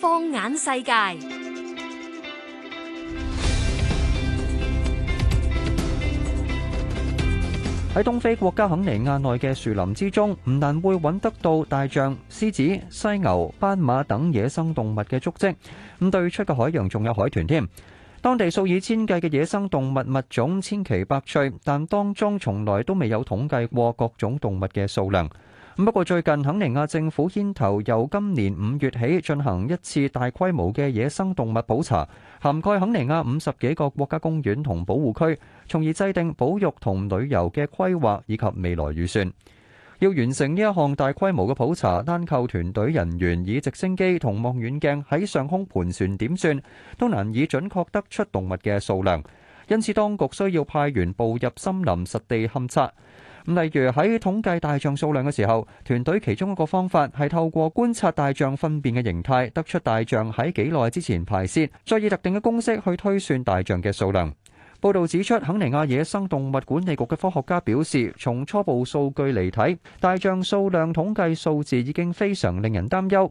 放眼世界，喺東非國家肯尼亞內嘅樹林之中，唔難會揾得到大象、獅子、犀牛、斑馬等野生動物嘅足跡，咁對出嘅海洋仲有海豚添。當地數以千計嘅野生動物物種千奇百趣，但當中從來都未有統計過各種動物嘅數量。咁不過最近肯尼亞政府牽頭由今年五月起進行一次大規模嘅野生動物普查，涵蓋肯尼亞五十幾個國家公園同保護區，從而制定保育同旅遊嘅規劃以及未來預算。要完成呢一項大規模嘅普查，單靠團隊人員以直升機同望遠鏡喺上空盤旋點算都難以準確得出動物嘅數量，因此當局需要派員步入森林實地勘測。咁例如喺統計大象數量嘅時候，團隊其中一個方法係透過觀察大象糞便嘅形態，得出大象喺幾耐之前排泄，再以特定嘅公式去推算大象嘅數量。報導指出，肯尼亞野生動物管理局嘅科學家表示，從初步數據嚟睇，大象數量統計數字已經非常令人擔憂。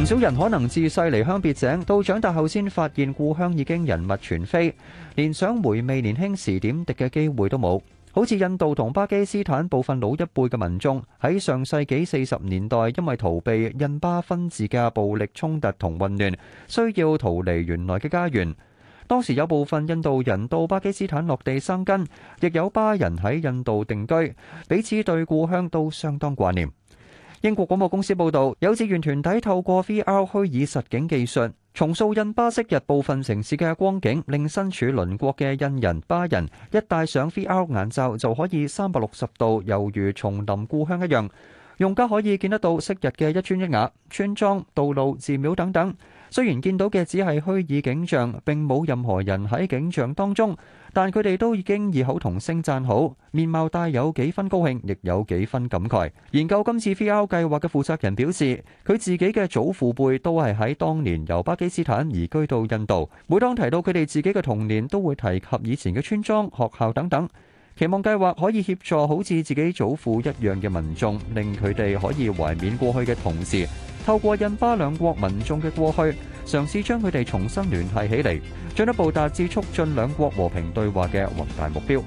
唔少人可能自細離鄉別井，到長大後先發現故鄉已經人物全非，連想回味年輕時點滴嘅機會都冇。好似印度同巴基斯坦部分老一輩嘅民眾喺上世紀四十年代，因為逃避印巴分治嘅暴力衝突同混亂，需要逃離原來嘅家園。當時有部分印度人到巴基斯坦落地生根，亦有巴人喺印度定居，彼此對故鄉都相當掛念。英國廣播公司報導，有志願團體透過 VR 虛擬實境技術，重塑印巴昔日部分城市嘅光景，令身處鄰國嘅印人巴人，一戴上 VR 眼罩就可以三百六十度猶如重臨故鄉一樣。用家可以見得到昔日嘅一磚一瓦、村莊、道路、寺廟等等。雖然見到嘅只係虛擬景象，並冇任何人喺景象當中，但佢哋都已經異口同聲讚好，面貌帶有幾分高興，亦有幾分感慨。研究今次 VR 計劃嘅負責人表示，佢自己嘅祖父輩都係喺當年由巴基斯坦移居到印度，每當提到佢哋自己嘅童年，都會提及以前嘅村莊、學校等等。期望計劃可以協助好似自己祖父一樣嘅民眾，令佢哋可以懷緬過去嘅同時，透過印巴兩國民眾嘅過去，嘗試將佢哋重新聯繫起嚟，進一步達至促進兩國和平對話嘅宏大目標。